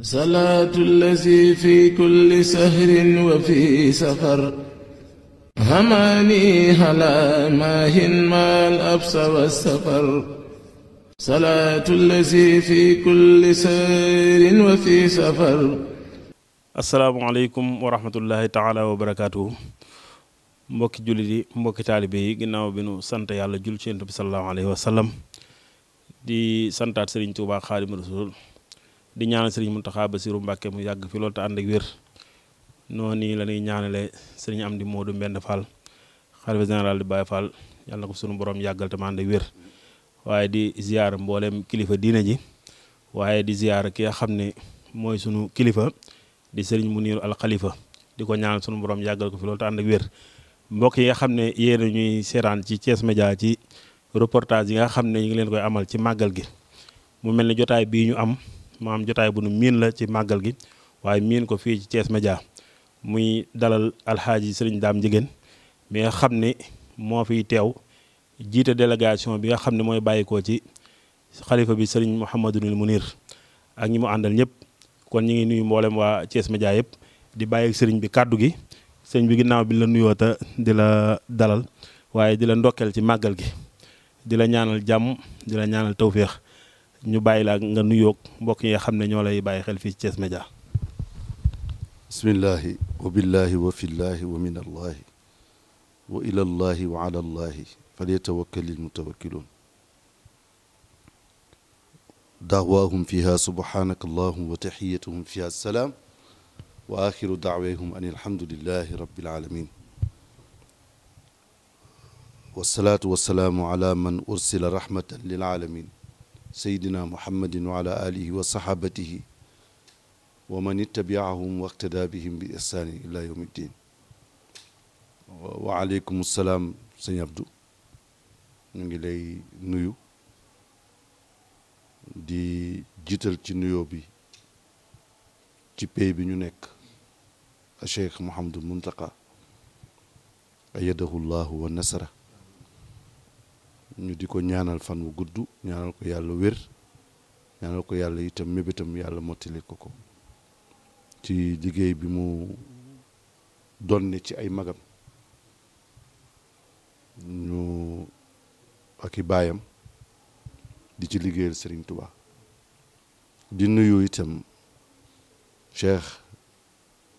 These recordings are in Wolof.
salaatu allazi fi kulli sahrin wa fi safar hamaani halaa maahin maal absa wa safar salaatu allazi fi kulli sahrin wa fi safar asalaamualeykum wa rahmatullahi taala wa barakaatu mbokki jullit yi mbokki taalibe yi ginnaaw bi nu sant yàlla jul ci yonent bi salallaahu alayhi wa sallam di santaat sëriñ Tuubaa Xaadimu Rasuul di ñaanal sëriñ Mountakha Bassirou Mbacké mu yàgg fi loolu te ànd ak wér noonu la ñuy ñaanale sëriñ Amdi Modou Mbend Fall xalifa général di Baye Fall yàlla ko sunu boroom yàggal te mu ànd ak wér waaye di ziar mbooleem kilifa diine ji waaye di ziar ki nga xam ne mooy sunu kilifa di sëriñ Muniru al Khalifa di ko ñaanal sunu borom yàggal ko fi loolu te wér mbokk yi nga xam ne yéen ñuy seetaan ci Thiès Média ci reportage yi nga xam ne ñu ngi leen koy amal ci màggal gi mu mel ne jotaay bii ñu am. maam jotaay bu nu miin la ci màggal gi waaye miin ko fii ci Thiès Média muy dalal alxaaji sëriñ daam jigéen mi xam ne moo fiy teew jiite délégation bi nga xam ne mooy bàyyikoo ci xalifa bi sëriñ Mouhamadunil Munir ak ñi mu àndal ñëpp kon ñu ngi nuyu mboolem waa cees Média yëpp di bàyyi sëriñ bi kàddu gi sëriñ bi ginnaaw bi la nuyoo ta di la dalal waaye di la ndokkeel ci màggal gi di la ñaanal jàmm di la ñaanal tawféex ñu bàyyi laa nga nuyoog mbokk yi nga xam ne ñoo lay bàyyi xel fii ci Thiès Média bismillahi wa billahi wa fillahi wa min allah wa ila allah wa ala allahi falyatawakkali lmutawakkiluun daawaahum fiha subhanaka allahum wa taxiyatuhum fiha salaam wa axiru daawahum an alhamdulilahi rabbil alamin والصلاة والسلام على من أرسل رحمة للعالمين سيدنا محمد وعلى آله وصحابته ومن اتبعهم واقتدى بهم بإحسان إلى يوم الدين وعليكم السلام سي عبدو نجلي نيو دي جيتل نيو بي تي بي نيك الشيخ محمد المنتقى أيده الله ونصره ñu di ko ñaanal fan wu gudd ñaanal ko yàlla wér ñaanal ko yàlla itam mébétam yàlla mottali ko ko ci liggéey bi mu donne ci ay magam ñu ak i baayam di ci liggéeyal Serigne Touba di nuyu itam Cheikh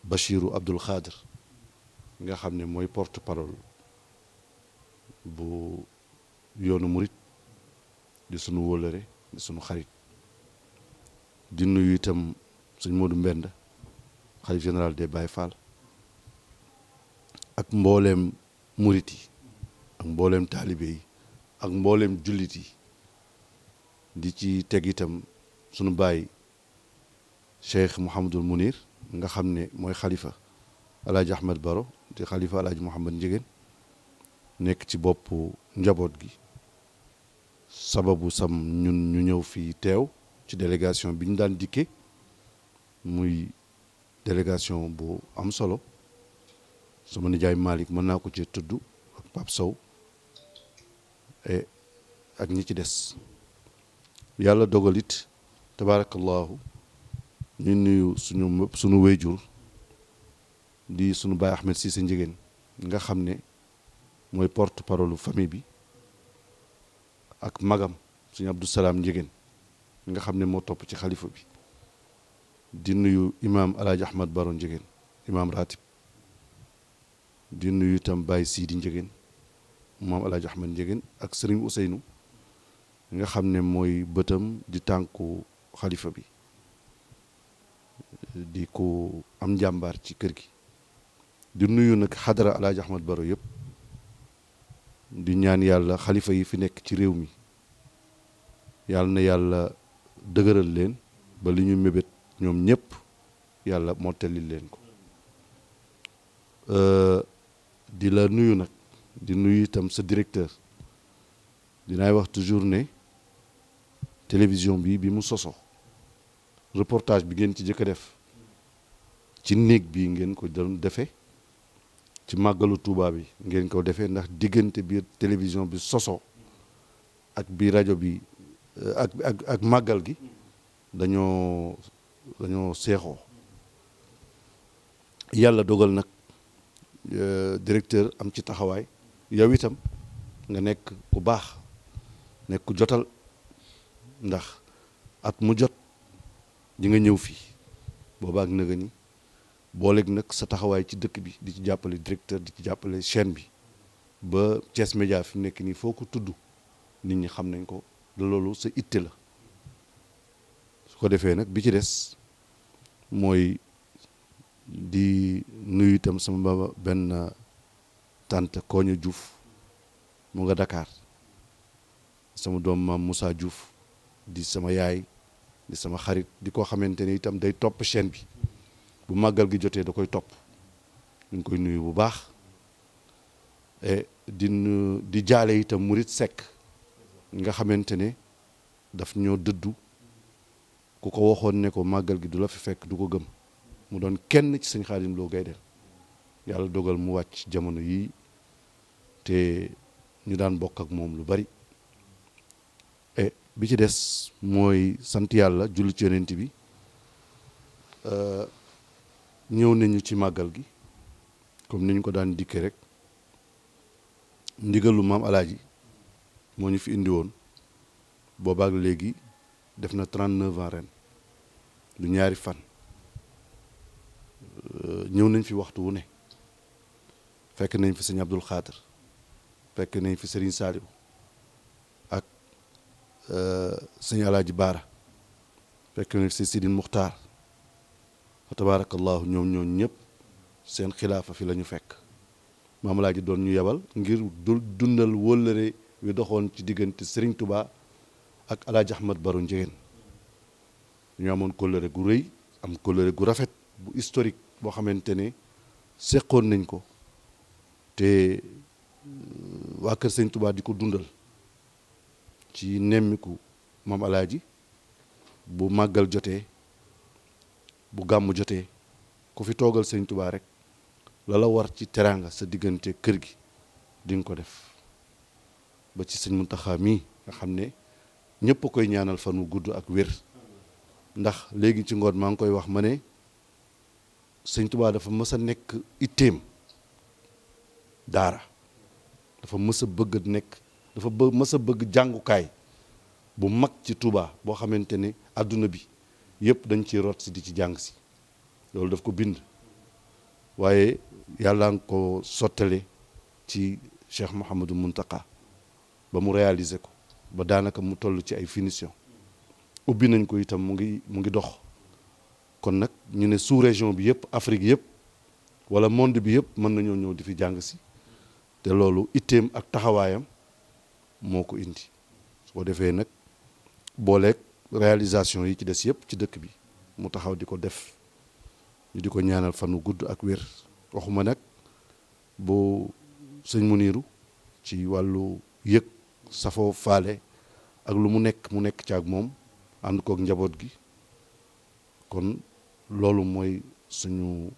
Bachirou Abdoul Khadir nga xam ne mooy porte parole bu. yoonu murit di sunu wóllëre di sunu xarit di nuyu itam sëñ Modou Mbend xalif général des Baye Fall ak mbooleem murit yi ak mbooleem taalibe yi ak mbooleem jullit yi di ci teg itam sunu baay Cheikh Mouhamadul Mounir nga xam ne mooy xalifa El Hadj Ahmed Baro di xalifa El Hadj Mouhamad nekk ci boppu njaboot gi sababu sam ñun ñu ñëw fii teew ci délégation bi ñu daan dikke muy délégation bu am solo sama nijaay malik mën naa ko ci tudd ak Sow eh, ak ñi ci des yàlla dogalit tabaarakallaahu ñu nuyu suñu sunu wéyjur di sunu baay Ahmed Cissé njigéen nga xam ne mooy porte parole famille bi ak magam suñu Abdou Salaam Njegéen nga xam ne moo topp ci xalifa bi di nuyu imaam alaaji Ahmad Baro Njegéen imaam ratib di nuyu itam Baye Sidi Njegéen moom alaaji Ahmad Njegéen ak sëriñ Ousseynou nga xam ne mooy bëtam di tànku xalifa bi di ko am njàmbaar ci kër gi di nuyu nag xadara alaaji Ahmad Baro yëpp di ñaan yàlla xalifa yi fi nekk ci réew mi yàlla na yàlla dëgëral leen ba lu ñu mébét ñoom ñëpp yàlla mottali leen ko euh, di la nuyu nag di nuyu itam sa directeur dinaay wax toujours ne télévision bi bi mu soso reportage bi ngeen ci jëkk a def ci néeg bi ngeen ko doon defe ci màggalu Touba yi ngeen ko defee ndax diggante biir télévision bi soso ak bi rajo bi euh, ak ak ak màggal gi dañoo dañoo seexoo yàlla dogal nag euh, directeur am ci taxawaay yow itam nga nekk bu baax nekk jotal ndax at mu jot di nga ñëw fii boobaak nëga ni booleeg nag sa taxawaay ci dëkk bi di ci jàppale directeur di ci jàppale chaîne bi ba Thiès Média fi mu nekk nii foo ko tudd nit ñi xam nañ ko loolu sa itte la su ko defee nag bi ci des mooy di nuyu itam sama benn tante Koña Diouf mu nga dakaar sama doom maam Moussa Diouf di sama yaay di sama xarit di ko xamante ni itam day topp chaîne bi màggal gi jotee da koy topp ñu ngi koy nuyu bu baax e di di jaale itam murit sekk nga xamante ne daf ñoo dëddu ku ko waxoon ne ko màggal gi du la fi fekk du ko gëm mu doon kenn ci sëñ loo Lo Gaydel yàlla dogal mu wàcc jamono yii te ñu daan bokk ak moom lu bari e bi ci des mooy sant yàlla julli ci bi e ñew nañu ci magal gi comme niñ ko daan dikke rek ndigalu mam alaaji mo ñu fi indi boba ak def na 39 ans ren du ñaari fan euh, ñew nañ fi waxtu wu ne fekk nañ fi sëñ abdul xaadir fekk nañ fi serigne saaliw ak euh, sëñ alaaji bara fekk nañ fi sidine mukhtar fa tabaarakallaahu ñoom ñoom ñëpp seen xilaafa fi la ñu fekk maamalaa ji doon ñu yebal ngir dundal wóllëre yu doxoon ci diggante sëriñ tubaa ak El Hadj Ahmed Baro ñu amoon kóllëre gu rëy am kóllëre gu rafet bu historique boo xamante ne seqoon nañ ko te mm, waa kër tubaa di ko dundal ci nemmiku maam alaaji bu màggal jotee bu gàmm jotee ku fi toogal sëñ tubaa rek lala war ci teraanga sa diggante kër gi di ko def ba ci sëñ Muntaxa mii nga xam ne ñëpp a koy ñaanal fan wu gudd ak wér ndax léegi ci ngoon maa ngi koy wax ma ne sëñ tubaa dafa mës a nekk itteem daara dafa mësa a bëgg nekk dafa bë mës a bëgg jàngukaay bu mag ci tubaa boo xamante ne àdduna bi yëpp dañ ci rot si di ci jàng si loolu daf ko bind waaye yàlla nga ko sottale ci Cheikh Mouhamadou Muntaka ba mu réaliser ko ba daanaka mu toll ci ay finition ubbi nañ ko itam mu ngi mu ngi dox kon nag ñu ne sous région bi yëpp Afrique yëpp wala monde bi yëpp mën nañoo ñëw di fi jàng si te loolu itteem ak taxawaayam moo ko indi su ko defee nag booleeg réalisation yi ci des yëpp ci dëkk bi mu taxaw di ko def ñu di ko ñaanal fanu gudd ak wér waxuma nag bu sëñ Muniru ci wàllu yëg safoo faale ak lu mu nekk mu nekk ci ak moom ànd kook njaboot gi kon loolu mooy suñu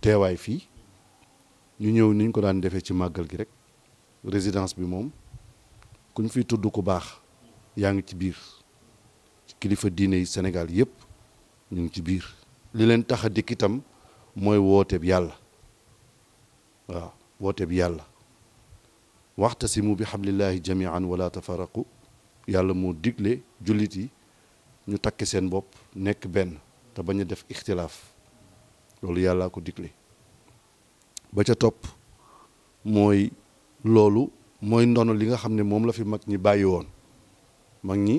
teewaay fii ñu ñëw niñ ko daan defee ci màggal gi rek résidence bi moom kuñ fi tudd ku baax yaa ngi ci biir kilifa diine yi Sénégal yëpp ñu ngi ci biir li leen taxa dikk itam mooy wooteeb yàlla waxta si yàlla waxtasimu bi xablillahi jamian wala tafaraqu yàlla moo digle jullit yi ñu takk seen bopp nekk benn te bañ a def ixtilaaf loolu yàlla ko digle ba ca topp mooy loolu mooy ndono li nga xam ne moom la fi mag ñi bàyyi woon mag ñi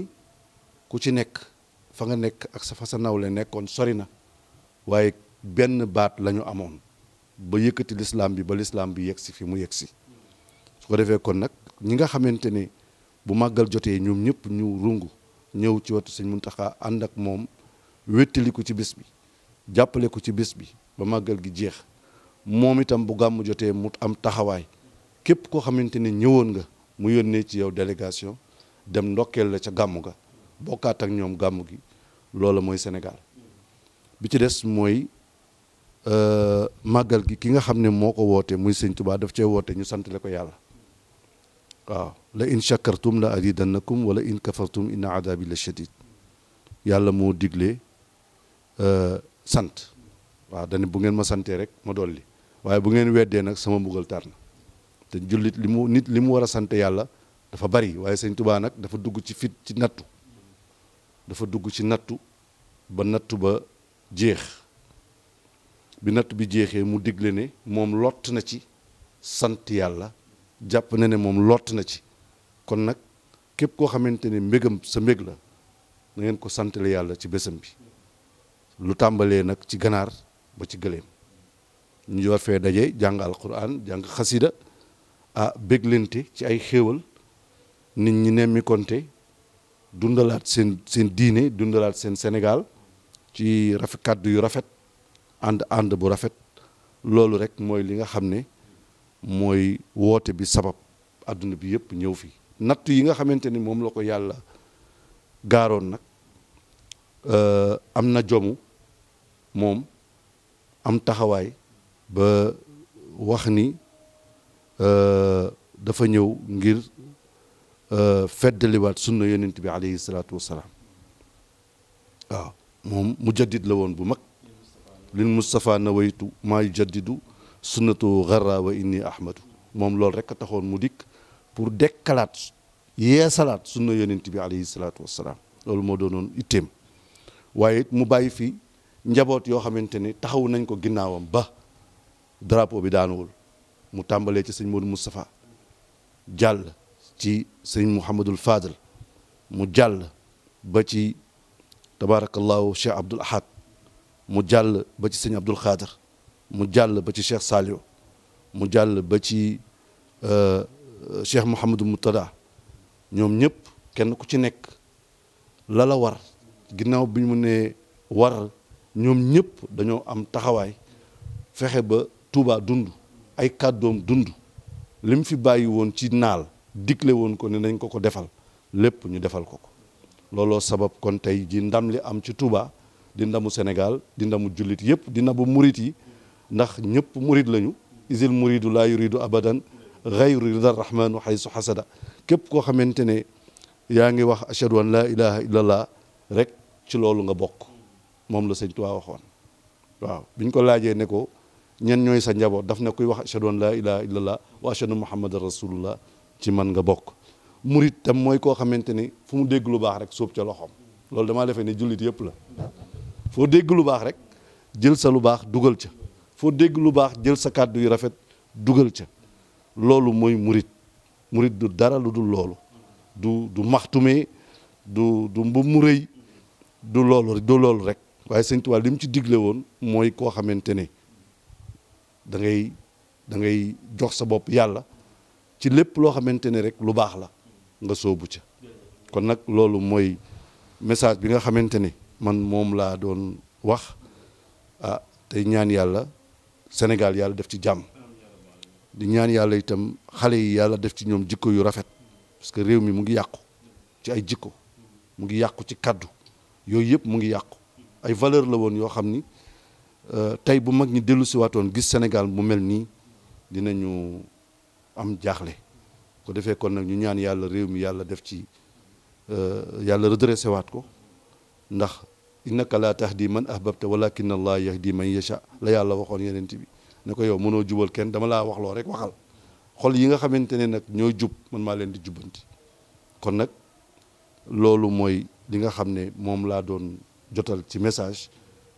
ku ci nekk fa nga nekk ak sa fa sa nawle nekkoon sori na waaye benn baat la ñu amoon ba yëkkati lislaam bi ba lislaam bi yegg si fi mu yegg si su ko defee kon nag ñi nga xamante ne bu màggal jotee ñoom ñëpp ñu rungu ñëw ci wetu sëñ Muntaxa ànd ak moom wéttali ko ci bis bi jàppale ko ci bis bi ba màggal gi jeex moom itam bu gàmm jotee mu am taxawaay képp koo xamante ne ñëwoon nga mu yónnee ci yow délégation dem ndokkeel la ca gàmm ga bokkaat ak ñoom gàmm gi loola mooy senegal bi ci des mooy euh, màggal gi ki nga xam ne moo ko woote muy sëñ Tuubaa daf cee woote ñu sant le ko yàlla waaw la in shakartum la azidannakum wala in kafartum inna adabi la shadid yàlla moo digle euh, sant waaw dane bu ngeen ma santee rek ma li waaye bu ngeen weddee nag sama mbugal tar na te jullit li mu nit li mu war a sant yàlla dafa bari waaye sëñ Tuubaa nag dafa dugg ci fit ci nattu dafa dugg ci nattu ba nattu ba jeex bi natt bi jeexee mu digle ne moom lott na ci sant yàlla jàpp na ne moom lott na ci kon nag képp koo xamante ne mbégam sa mbég la na ngeen ko santale yàlla ci bésam bi lu tàmbalee nag ci ganaar ba ci gëléem ñu war fee daje jàng alquran jàng xasida ah béglente ci ay xéewal nit ñi nemmi dundalat sen sen diine dundalat sen senegal ci rafet kaddu yu rafet and and bu rafet lolou rek moy li nga xamne moy wote bi sabab aduna bi yep ñew fi nat yi nga xamanteni mom la ko yalla garon nak euh, am amna jomu mom am taxaway ba wax ni euh, dafa ngir feddaliwaat sunna yonent bi alayhi salaatu wasalaam waaw moom mujaddid la woon bu mag lil Moustapha nawaytu maa yujaddidu sunnatu garra wa inni ahmadu moom loolu rek a taxoon mu dikk pour dekkalaat yeesalaat sunna yonent bi alayhi salaatu wasalaam loolu moo doonoon itteem waaye mu bàyyi fi njaboot yoo xamante taxaw nañ ko ginnaawam ba drapeau bi daanuwul mu tàmbalee ci sëñ Modou jàll ci sëñ Mouhamadul Fadal mu jàll ba ci tabaarakallaahu Cheikh Abdoul Ahad mu jàll ba ci sëñ Abdoul Khader mu jàll ba ci Cheikh Saliou mu jàll ba ci sheikh euh, euh, Mouhamadou Moutada ñoom ñëpp kenn ku ci nekk lala war ginnaaw bi mu nee war ñoom ñëpp dañoo am taxawaay fexe ba tuubaa dund ay kàddoom dund li fi bàyyi woon ci naal digle woon ko ne nañ ko ko defal lépp ñu defal ko ko looloo sabab kon tey ji ndam li am ci Touba di ndamu senegal di ndamu jullit yëpp di ndamu murit yi ndax ñëpp murit lañu isil muridu laa yuridu abadan gayru rida rahmanu haysu hasada képp koo xamante ne yaa ngi wax ashadu an laa ilaha illallah rek ci loolu nga bokk moom la sëñ Tuubaa waxoon waaw biñ ko laajee ne ko ñen ñooy sa njaboot daf na koy wax ashadu an laa ilaha illallah wa ashadu muhammadan rasulullah ci man nga bokk murit tam mooy koo xamante ni fu mu dégg lu baax rek soob ca loxoom loolu damaa defee ne jullit yëpp la foo dégg lu baax rek jël sa lu baax dugal ca foo dégg lu baax jël sa kàddu yu rafet dugal ca loolu mooy murit murit du dara lu dul loolu du du maxtume du du mbubb mu rëy du loolu du loolu rek waaye sëñ Tuubaa li mu ci digle woon mooy koo xamante ne da ngay da ngay jox sa bopp yàlla ci lepp lo xamantene rek lu bax la nga sobu ci kon nak lolu moy message bi nga xamantene man mom la doon wax ah tay ñaan yalla senegal yalla def ci jam di ñaan yalla itam xalé yi yalla def ci ñom jikko yu rafet parce que rew mi mu ngi yàqu ci ay jikko mu ngi yàqu ci kaddu yoy yep mu ngi yàqu ay valeur la won yo xamni ni euh, tay bu mag ñi delu ci gis Senegal mu melni dinañu am jaaxle ko defee kon nag ñu ñaan yàlla réew mi yàlla def ci euh, yàlla redressé waat ko ndax innaka laa di man ahbabta walakin allah di man yasha la yàlla waxoon yenent bi ne ko yow mënoo jubal kenn dama laa waxloo rek waxal xol yi nga xamante ne nag ñoo jub man maa leen di jubbanti kon nag loolu mooy li nga xam ne moom laa doon jotal ci message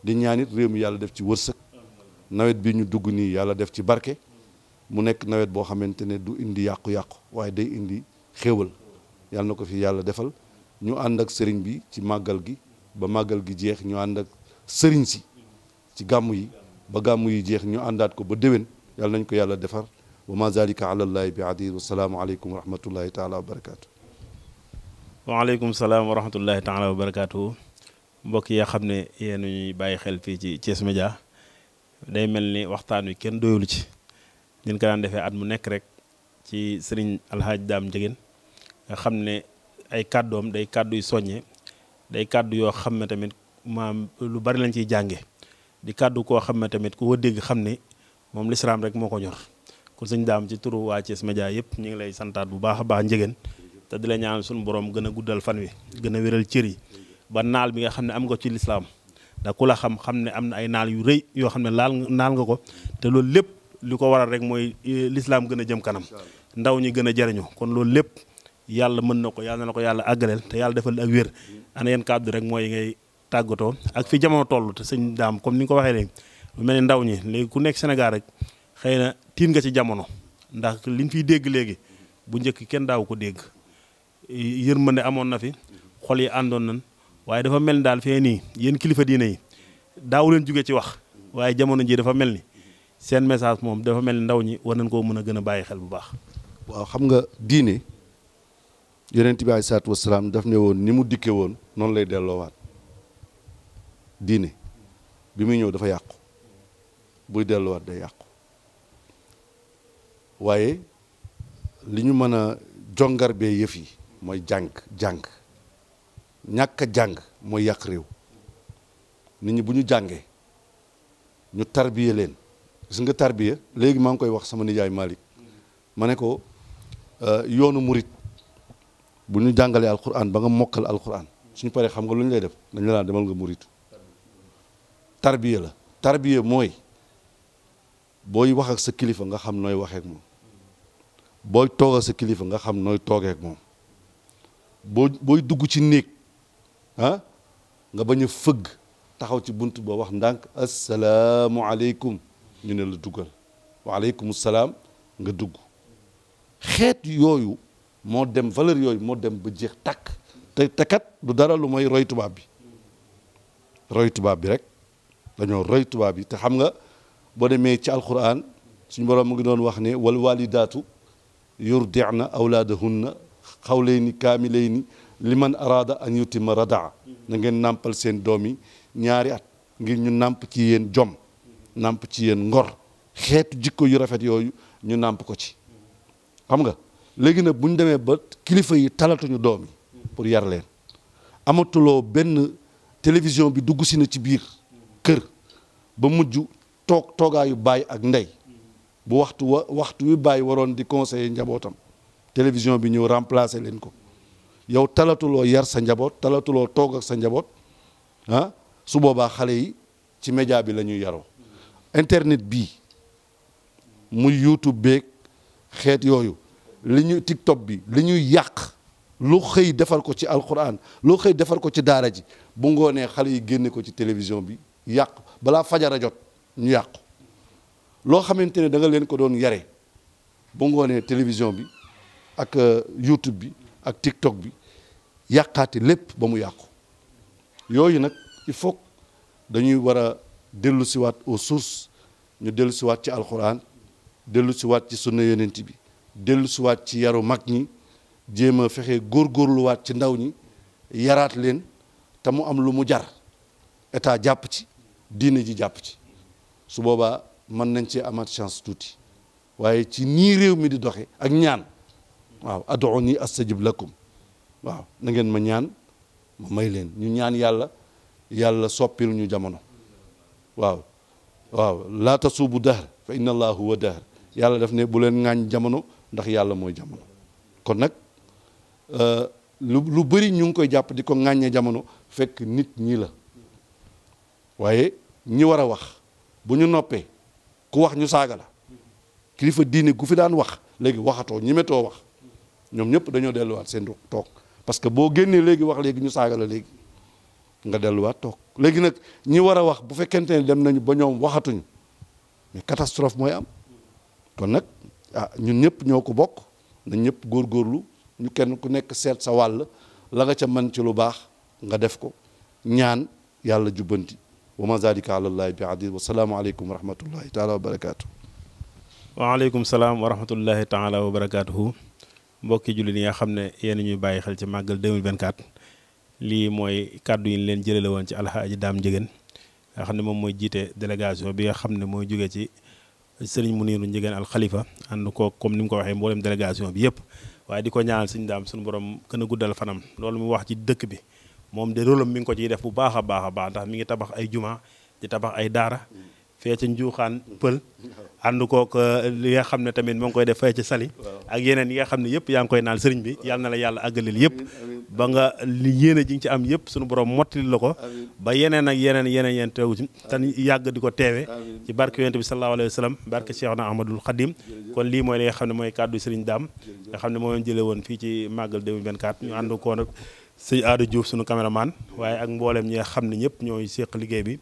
di ñaanit réew mi yàlla def ci wërsëg nawet bi ñu dugg nii yàlla def ci barke mu nekk nawet boo xamante ne du indi yàqu-yàqu waaye day indi xéewal yàlla na ko fi yàlla defal ñu ànd ak sëriñ bi ci màggal gi ba màggal gi jeex ñu ànd ak sëriñ si ci gàmm yi ba gàmm yi jeex ñu àndaat ko ba déwén yàlla nañ ko yàlla defar wa ma zalika ala llahi bi aziz wasalaamu aleykum wa rahmatullahi taala wa barakaatu waaleykum salaam wa rahmatullahi taala barakaatu mbokk yi xam ne yéen ñuy bàyyi xel fii ci Thiès Média day mel ni waxtaan wi kenn doyul ci din ko daan defee at mu nekk rek ci sëriñ alhaaj daam njëgéen nga xam ne ay kàddoom day kàddu yu soññe day kàddu yoo xam ne tamit maam lu bari lañ ciy jànge di kàddu koo xam ne tamit ku dégg xam ne moom lislaam rek moo ko ñor kon sëñ daam ci turu waa Thiès Média yëpp ñu ngi lay santaat bu baax a baax njëgéen te di la ñaanal suñu borom gën a guddal fan wi gën a wéral cër yi ba naal bi nga xam ne am nga ci lislaam da ku la xam xam ne am na ay naal yu rëy yoo xam ne laal naal nga ko te loolu lépp li ko waral rek mooy lislaam gën a jëm kanam ndaw ñi gën a jariñu kon loolu lépp yàlla mën na ko yàlla na ko yàlla àggaleel te yàlla defal ak wér ana yeen kàddu rek mooy yi ngay tàggatoo ak fi jamono toll te sëñ daam comme ni nga ko waxee léegi lu mel ni ndaw ñi léegi ku nekk Sénégal rek xëy na tiit nga ci jamono ndax liñ fiy dégg léegi bu njëkk kenn daaw ko dégg yërmande amoon na fi xol yi àndoon na waaye dafa mel ni daal fee nii yéen kilifa diine yi daaw leen jóge ci wax waaye jamono ji dafa mel ni seen message moom dafa mel ni ndaw ñi war nañ koo mën a gën a bàyyi xel bu baax. waaw xam nga diine yonent bi ay salaatu wasalaam daf ne woon ni mu dikke woon noonu lay delloowaat diine bi muy ñëw dafa yàqu buy delloowaat day yàqu waaye li ñu mën a jongar bee yëf yi mooy jàng jàng ñàkk a jàng mooy yàq réew nit ñi bu ñu jàngee ñu tarbiye leen. su nga tarbiya léegi maa ngi koy wax sama nijaay Malick ma ne ko euh, yoonu murit bu ñu jàngalee alxuraan ba nga mokkal alquran suñu paree xam nga lu ñu lay def dañ la demal nga murit tarbiya la tarbiya mooy booy wax sa kilifa nga xam nooy waxeek moom booy toogal sa kilifa nga xam nooy toogeek moom boo booy dugg ci néeg ah nga bañ a fëgg taxaw ci bunt boo wax ndànk asalaamualeykum ñu ne la duggal waaleykum salaam nga dugg xeet yooyu moo dem valeur yooyu moo dem ba jeex tàkk te tekat du dara lu mooy roy tubaab bi roy tubaab bi rek dañoo roy tubaab bi te xam nga boo demee ci alquran suñu borom mu ngi doon wax ne wal walidaatu yurdina awladahunna xawlayni kaamilayni liman araada an yutima radaa na ngeen nàmpal seen doom yi ñaari at ngir ñu nàmp ci yéen jom namp ci yéen ngor xeetu jikko yu rafet yooyu ñu nàmp ko ci xam nga léegi nag bu demee ba kilifa yi talatuñu doom yi pour yar leen amatuloo benn télévision bi dugg si na ci biir kër ba mujj toog toogaayu baay ak ndey bu waxtu waxtu wi baay waroon di conseiller njabootam télévision bi ñëw remplacer leen ko yow talatuloo yar sa njaboot talatuloo toog ak sa njaboot ah su boobaa xale yi ci média bi la ñuy yaroo internet bii muy youtube beeg xeet yooyu li ñu tiktok bi li ñuy yàq lu xëy defar ko ci alquran loo xëy defar ko ci daara ji bu ngoonee xale yi génne ko ci télévision bi yàq balaa fajara jot ñu yàqu loo xamante ne da nga leen ko doon yare bu ngoonee télévision bi ak euh, youtube bi ak tiktok bi yàqaati lépp ba mu yàqu yooyu nag il faut dañuy war dellu siwaat au sources ñu dellu siwaat ci alxuraan dellu siwaat ci sunna yonent bi dellu siwaat ci yaru mag ñi jéem a fexe góorgóorluwaat ci ndaw ñi yaraat leen te mu am lu mu jar état jàpp ci diine ji jàpp ci su boobaa mën nañ ci amaat chance tuuti waaye ci nii réew mi di doxe ak ñaan waaw ni astajib lakum waaw nangeen ma ñaan ma may leen ñu ñaan yàlla yàlla soppil ñu jamono waaw waaw laa tasuubu dahr fa inna allah huwa dahr yàlla def ne bu leen ŋaañ jamono ndax yàlla mooy jamono kon nag euh, lu lu bëri ñu ngi koy jàpp di ko ŋàññe jamono fekk nit ñii la waaye ñi war a wax bu ñu noppee ku wax ñu saaga la kilifa diine gu fi daan wax léegi waxatoo ñi ñemetoo wax ñoom ñëpp dañoo delluwaat seen toog parce que boo génnee léegi wax léegi ñu saaga la léegi nga delluwaat toog léegi nag ñi war a wax bu fekkente ne dem nañu ba ñoom waxatuñu mais catastrophe mooy am kon nag ah ñun ñëpp ñoo ko bokk nañ ñëpp góorlu ñu kenn ku nekk seet sa wàll la nga ca man ci lu baax nga def ko ñaan yàlla jubbanti wa ma zalika alallahi bi aziz wa salaamu aleykum wa rahmatullahi taala wa barakaatu waaleykum salaam wa rahmatullahi taala wa barakaatuhu mbokki jullit yi nga xam ne yéen ñuy bàyyi xel ci màggal 2024 lii mooy kàddu yi ñu leen jëlale woon ci alxaaji daam njëgën nga xam ne moom mooy jiite délégation bi nga xam ne mooy jóge ci sëriñ mu Njëgën al Khalifa ànd ko comme ni mu ko waxee mboolem délégation bi yëpp waaye di ko ñaanal suñu daam suñu borom gën a guddal fanam loolu mu wax ci dëkk bi moom de rôlam mi ngi ko ciy def bu baax a baax a baax ndax mi ngi tabax ay juma di tabax ay daara fee ca njuuxaan pël ànd kook euh, li nga xam ne tamit moo ngi koy def fee ca sali ak yeneen yi nga xam ne yëpp yaa ngi koy naal sëriñ bi yàlla na la yàlla àggalil yëpp ba nga li yéene ji nga ci am yëpp sunu borom mottali la ko ba yeneen ak yeneen yeneen yeen teewu ci tan yàgg di ko teewe ci barke yonent bi sallallahu alayhi wa sallam barke Cheikhna Ahmadul Khadim kon lii mooy li nga xam ne mooy kàddu sëriñ daam nga xam ne moom jële woon fii ci màggal 2024 ñu ànd koo nag sëñ Aada Diouf sunu caméraman waaye ak mboolem ñi xam ne ñëpp ñooy séq liggéey bi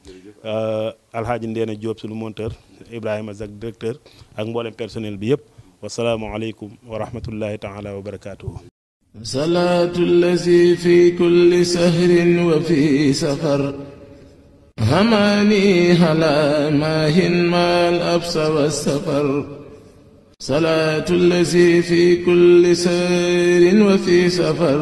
alxaaji Ndeena Diop sunu monteur Ibrahima Zak directeur ak mboolem personnel bi yëpp wasalaamualeykum wa rahmatullahi taala wa barakaatuhu salaatu allazi fi kulli sahrin wa fi safar هماني هلا ماهن ما الأبس والسفر صلاة الذي في كل سير وفي سفر